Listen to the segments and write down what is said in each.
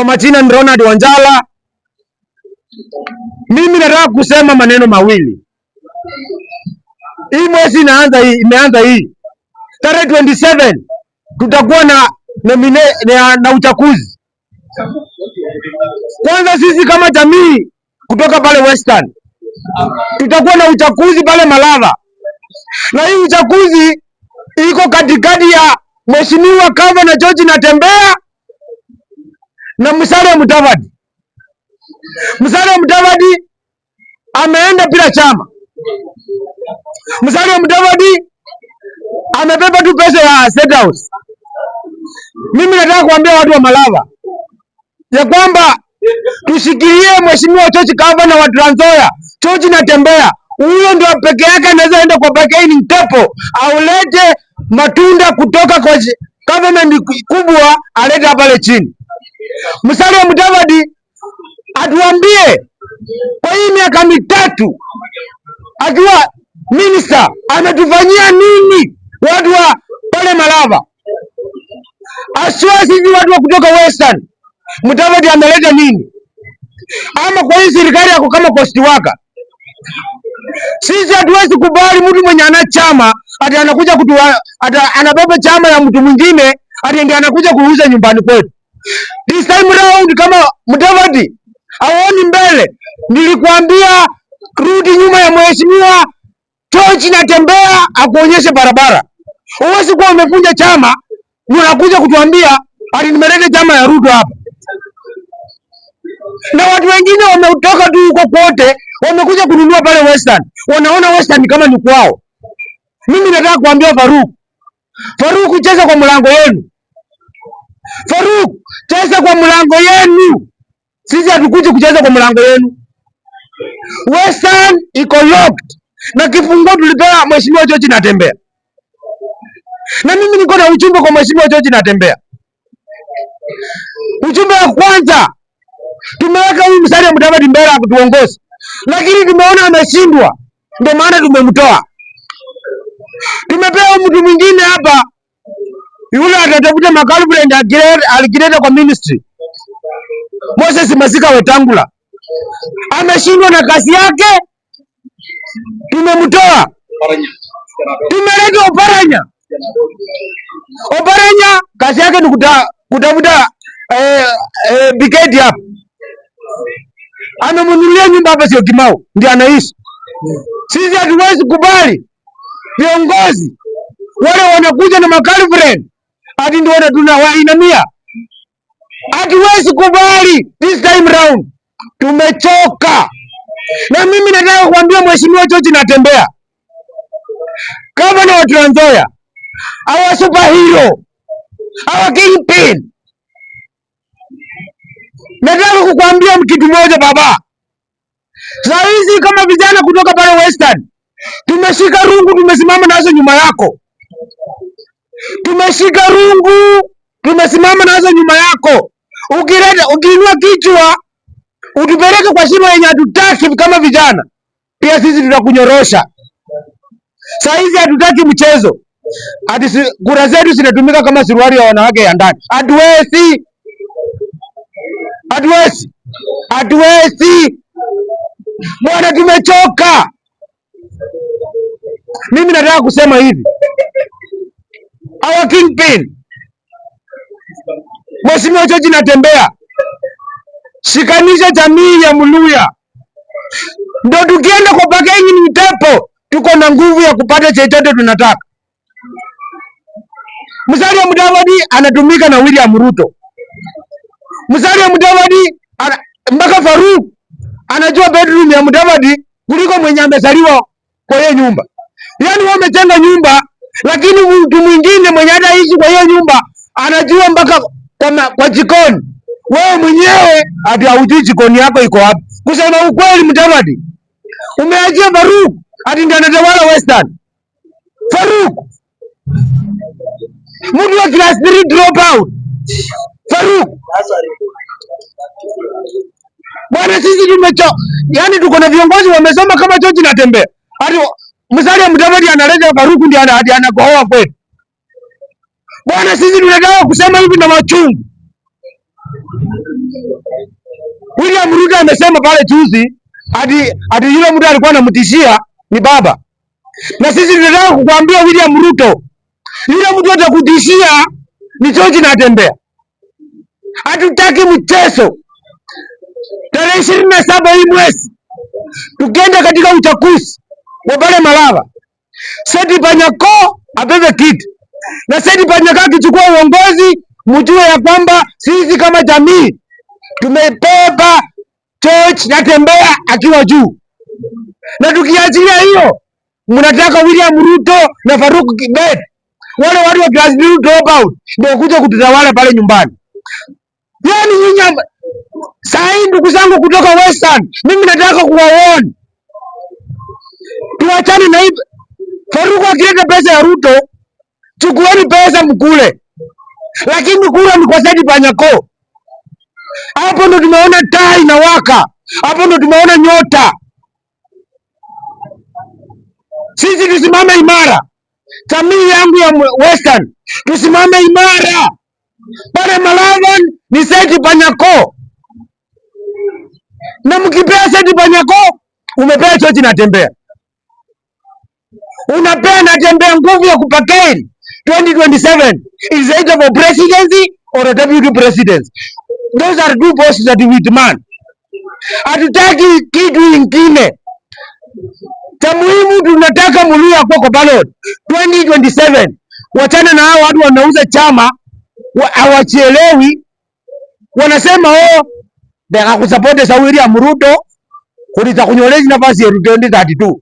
Kwa majina ni Ronald Wanjala. Mimi nataka kusema maneno mawili. Hii mwezi inaanza hii, imeanza hii tarehe 27 tutakuwa na na, na, na uchaguzi. Kwanza sisi kama jamii kutoka pale Western tutakuwa na uchaguzi pale Malava, na hii uchaguzi iko katikati ya Mheshimiwa Gavana George Natembea na Musalia Mudavadi. Musalia Mudavadi ameenda bila chama. Musalia Mudavadi amebeba tu pesa ya State House. Mimi nataka kuambia watu wa Malava ya kwamba tushikilie mheshimiwa Chochi Gavana wa Trans Nzoia, George Huyo ndio peke yake anaweza enda kwa bargaining table aulete matunda kutoka kwa government kubwa, alete pale chini. Musalia Mudavadi atuambie kwa hii miaka mitatu akiwa minista ametufanyia nini? Watu wa pale Malava aswa, sisi watu wa kutoka Western, Mudavadi ameleta nini? Ama kwa hii serikali yako kama posti waka, sisi hatuwezi kubali mtu mwenye ana chama ati anakuja kutuwa, ati anabeba chama ya mtu mwingine ati ndiye anakuja kuuza nyumbani kwetu. This time round kama Mudavadi aoni mbele, nilikwambia rudi nyuma ya mheshimiwa, tochi natembea akuonyeshe barabara. Uwezi kuwa umevunja chama, unakuja kutuambia ati nimeleta chama ya Ruto hapa, na watu wengine wametoka tu huko kote, wamekuja kununua pale Western, wanaona Western kama ni kwao. Mimi nataka kuambia Faruku, Faruku cheza kwa mlango wenu Faruk, cheza kwa mlango yenu. Sisi hatukuji kucheza kwa mlango yenu. Western iko locked na kifungo tulipewa mheshimiwa George Natembea, na mimi niko na ujumbe kwa mheshimiwa George Natembea. Ujumbe wa kwanza, tumeweka huyu wa Mudavadi mbele kutuongoza, lakini tumeona ameshindwa, ndio maana tumemtoa. Tumepewa mtu mwingine hapa yule atatafuta makalibulenti alikileta kwa ministry. Moses Masika Wetangula ameshindwa na kazi yake, tumemtoa tumeleta Oparanya. Oparanya kazi yake ni kutafuta eh, eh, biketi hapa, amemnunulia nyumba hapa, sio Kimau ndio anaishi. Sisi hatuwezi kubali viongozi wale wanakuja na makalibulenti hati ndiona tunawainamia, hatuwezi kubali. This time round tumechoka, na mimi nataka kuambia mheshimiwa George Natembea, gavana wa Trans Nzoia, our superhero, our kingpin, nataka kukuambia kitu moja baba. Saa hizi kama vijana kutoka pale Western tumeshika rungu, tumesimama nazo nyuma yako. Tumeshika rungu, tumesimama nazo nyuma yako. Ukireta, ukiinua kichwa utupeleke kwa shimo yenye hatutaki kama vijana, pia sisi tutakunyorosha. Saa hizi hatutaki mchezo ati kura zetu zinatumika kama suruali ya wanawake ya ndani. Hatuwezi, hatuwezi, hatuwezi bwana, tumechoka. Mimi nataka kusema hivi, our kingpin. Mheshimiwa George natembea, shikanisha jamii ya Muluya ndo tukienda kwa Pakengi ni mtepo, tuko na nguvu ya kupata chochote tunataka. Musalia Mudavadi anatumika na William Ruto. Musalia Mudavadi ana, mpaka Faruk anajua bedroom ya Mudavadi kuliko mwenye amezaliwa kwa hiyo nyumba. Yaani wamejenga nyumba, lakini mtu mwingine unafuatiliwa mpaka kama kwa jikoni. Wewe mwenyewe ati haujui jikoni yako iko wapi? Kusema ukweli, mtawadi umeajia Faruk ati ndio anatawala Western. Faruk mtu wa class 3 drop out. Faruk bwana, sisi tumecho, yani tuko na viongozi wamesoma kama chochi natembea, ati msali ya mtawadi analeta Faruk ndio anakohoa kwetu Bwana, sisi tunataka kusema hivi na machungu. William Ruto amesema pale juzi ati ati yule mtu alikuwa anamtishia ni baba, na sisi tunataka kukuambia William Ruto, yule mtu atakutishia ni chochi na tembea. Hatutaki mchezo. Tarehe ishirini na saba hii mwezi tukienda katika uchaguzi wa pale Malava, Seti Panyako abebe kiti na Said Panyako akichukua uongozi, mjue ya kwamba sisi kama jamii tumebeba George Natembeya akiwa juu, na tukiachilia hiyo, mnataka William Ruto na Faruk Kibet, wale watu wa Brazil drop out ndio kuja kututawala pale nyumbani. Yani nyinyi sahii, ndugu zangu kutoka Western, mimi nataka kuwaona tuachane na hivi. Faruk akileta pesa ya Ruto Chukueni pesa mkule, lakini kula zaidi panyako. Hapo ndo tumeona taa inawaka, hapo ndo tumeona nyota. Sisi tusimame imara, jamii yangu ya Western, tusimame imara pale Malavan ni seti panyako, na mkipea seti panyako, umepea chochi natembea, unapea natembea, nguvu ya kupakeni 2027 is either for presidency or a deputy president. Those are two posts that we demand. Hatutaki kitu ingine cha muhimu, tunataka Muluya kwa ballot 2027. Wachana na hao watu wanauza chama hawachelewi, wanasema oh, ndaka kusupport Sawiri ya Muruto kulitakunyolezi nafasi yetu 2032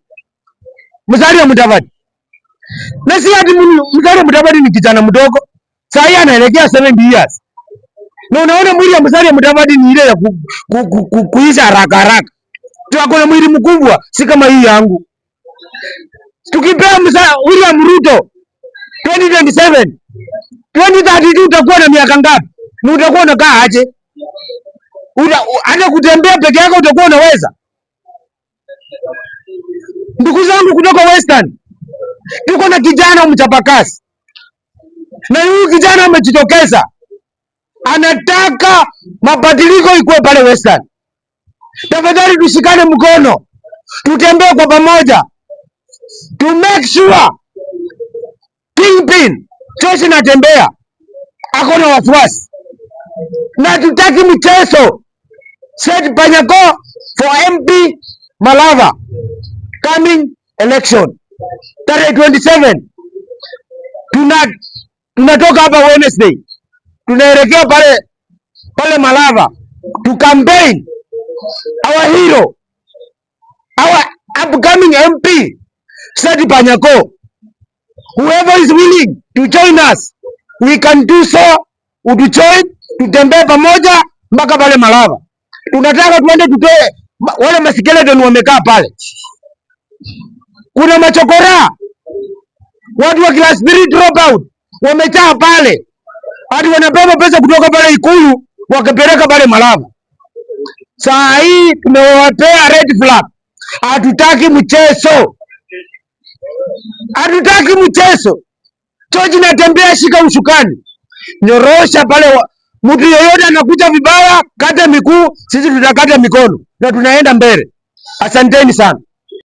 msali ya mtavati na si ati Musalia mtabadi ni kijana mdogo. Sasa yeye anaelekea 70 years. Na unaona mwili wa Musalia mtabadi ni ile ya ku, ku, ku, ku, kuisha haraka haraka. tu akona mwili mkubwa si kama hii yangu. Tukipea Musa William Ruto 2027 2032 utakuwa na miaka ngapi? ni utakuwa unakaa aje? Hata kutembea peke yako utakuwa unaweza? Ndugu zangu kutoka Western tuko na kijana mchapakazi, na huyu kijana amejitokeza, anataka mabadiliko ikuwe pale Western. Tafadhali tushikane mkono, tutembee kwa pamoja to make sure Kingpin Cheshi natembea ako na wafuasi, na tutaki michezo Said Panyako for MP Malava coming election tarehe 27 tuna tunatoka hapa Wednesday, tunaelekea pale pale Malava to campaign our hero our upcoming MP Sadi Panyako. Whoever is willing to join us we can do so, utujoin tutembee pamoja mpaka pale Malava. Tunataka tuende tutoe wale masikeleton wamekaa pale kuna machokora watu wa class 3 dropout wamejaa pale, hadi wanabeba pesa kutoka pale Ikulu wakipeleka pale Malava. Saa hii tumewapea red flag. Hatutaki mchezo, hatutaki mchezo. Chochi natembea, shika ushukani, nyorosha pale. Mtu yoyote anakuja vibaya, kata miguu, sisi tutakata mikono na tunaenda mbele. Asanteni sana.